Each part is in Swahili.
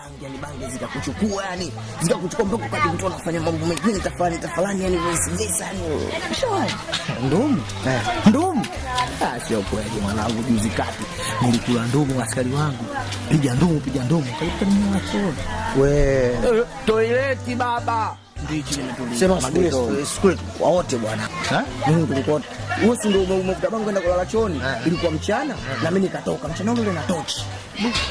bangi yani bangi zikakuchukua yani zikakuchukua mpaka kati mtu anafanya mambo mengine tafalani tafalani yani vesi vesi yani shawai ndumu eh ndumu ah, sio kweli mwanangu, juzi kati nilikula ndumu askari wangu, piga ndumu piga ndumu, kalipata mwana we eh, toileti baba Sema Ilikuwa mchana na mimi nikatoka. Mchana ule na tochi.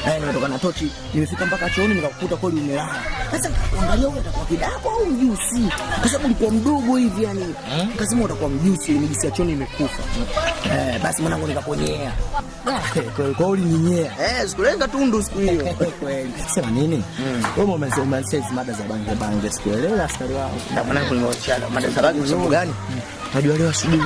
Eh, nimetoka na tochi. Nimefika mpaka chooni nikakukuta kweli umelala. Sasa angalia wewe utakuwa kidako au mjusi? Kwa sababu ulikuwa mdogo hivi yani. Nikasema utakuwa mjusi, mjusi ya chooni imekufa. Eh, basi mwanangu nikakonyea. Kwa hiyo ulininyea. Eh, sikulenga tundu siku hiyo. Kweli. Sema nini? Wewe umesema mada za bange bange sikuelewa sababu leo asubuhi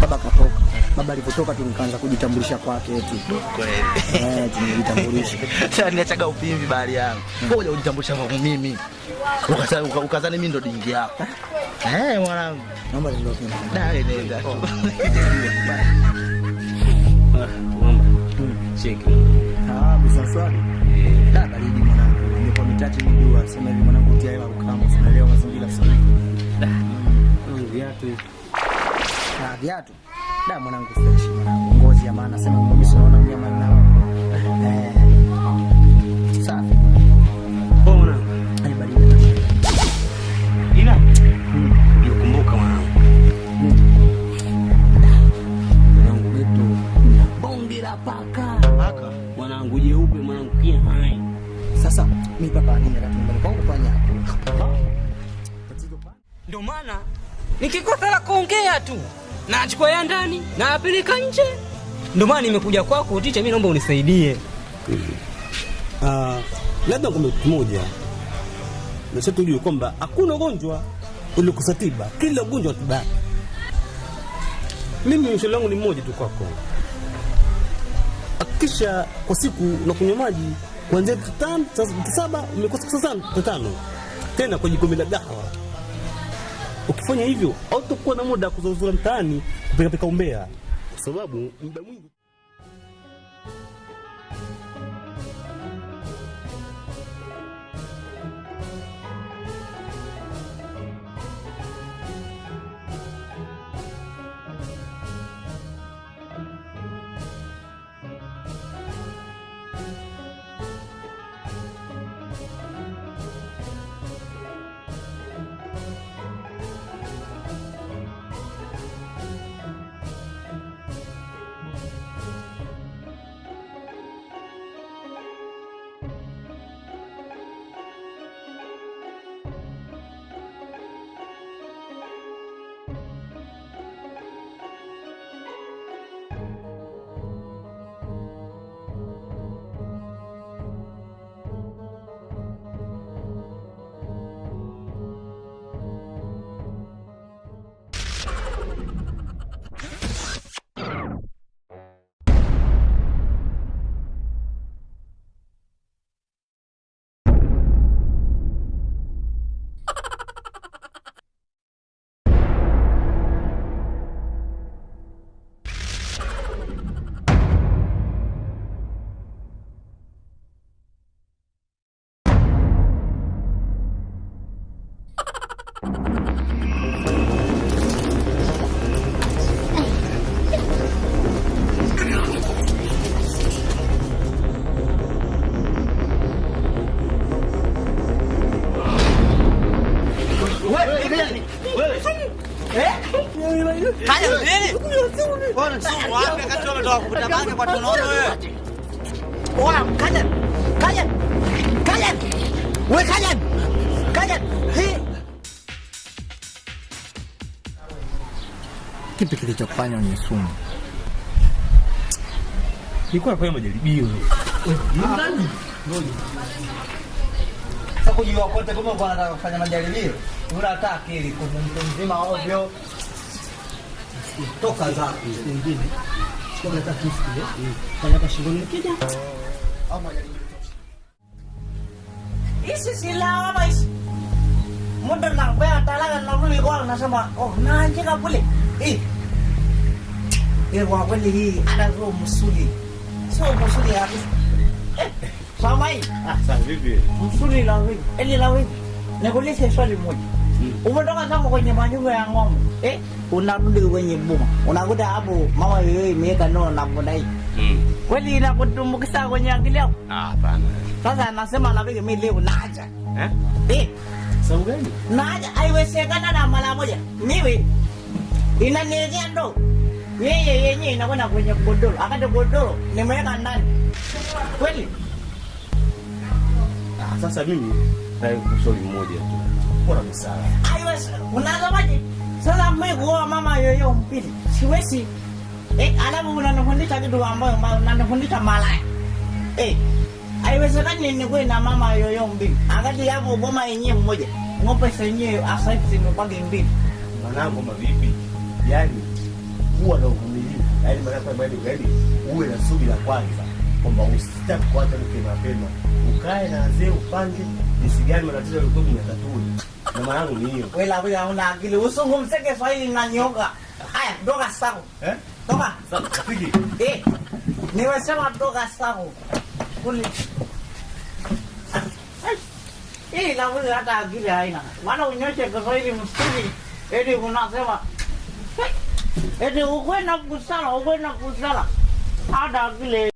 Baba katoka. Baba alipotoka tu nikaanza kujitambulisha kwake eti. Kweli. Eh, niachaga upimbi bali yangu. Ngoja ujitambulisha kwangu mimi. Ukazani mimi ndo dingi yako. mwanangu. Naomba nenda swali. Ah, baridi mwanangu. Nimekuwa mitatu ni Sema hivi mwanangu tia hela ukama. Sinaelewa mazingira sasa. Da. Viatu. Ah, viatu. Da mwanangu fresh mwanangu. Ngozi ya maana sema mimi sinaona mnyama nao. yangu pia hai. Sasa mimi papa nini na tumbani kwangu fanya hapo. Ndio maana nikikosa la kuongea tu na ya ndani na apeleka nje. Ndio maana nimekuja kwako ticha, mimi naomba unisaidie. Ah, uh, labda ngombe moja. Na sisi tujue kwamba hakuna ugonjwa ulikosa tiba, kila ugonjwa tiba. Mimi mshauri wangu ni mmoja tu kwako akikisha kwa siku na kunywa maji kuanzia lita saba umekosa sasa tano tena kwa jikombe la dawa. Ukifanya hivyo hautakuwa na muda kuzurura mtaani kupikapika umbea, kwa sababu muda mwingi Haya, nini? Kipi wenye sumu? Nilikuwa nafanya majaribio. Sasa kujua kote kama wanataka kufanya majaribio unataka akili kuvu mtu mzima ovyo, toka zako wengine isi eh? silawa maisi muda nakwea talaga narulikona nasema oh, nanjika kule kwa eh. eh, kweli hii ada sio msuli sio msuli kabisa samai msuli la wingi eli la wingi nikuulize swali moja umetoka zako kwenye manyumba ya ng'ombe eh, unarudi kwenye boma, unakuta hapo mama yoyo imeweka nono na bunda hii mm. Kweli inakutumbukisa kwenye akili yako? Ah, hapana. Sasa anasema anapige mimi leo naja eh eh, sababu gani naja? Haiwezekana na mara moja mimi inaniwekea ndo yeye yenyewe inakwenda kwenye godoro, akati godoro nimeweka ndani kweli. Ah, sasa mimi nakushauri mmoja tu kuwa na busara. Haiwezi. Sasa mimi kuoa mama yoyo mpili. Siwezi. Eh, alafu unanifundisha kitu ambayo unanifundisha malaya. Eh. Haiwezekani nikuwe na mama yoyo mbili. Angati hapo boma yenyewe mmoja. Ng'ombe zenyewe asaifu zimebaki mbili. Mwanangu mavipi? Yaani kuwa na uvumilivu. Yaani mwanangu bali gani? Uwe na subira kwanza. Kwamba usitaki kuacha mke mapema. Ukae na wazee upange jinsi gani matatizo yalikuwa yanatatuliwa. Mama yangu ni hiyo. Wewe una akili. Swahili na nyoka. Haya, doga sako. Eh? Toka. Sasa Eh. doga sako. Kuli. Hii la bila hata akili haina. Maana unyoshe Kiswahili msituni. Eti unasema eti ukwe kusala, ukwe na kusala. Hata akili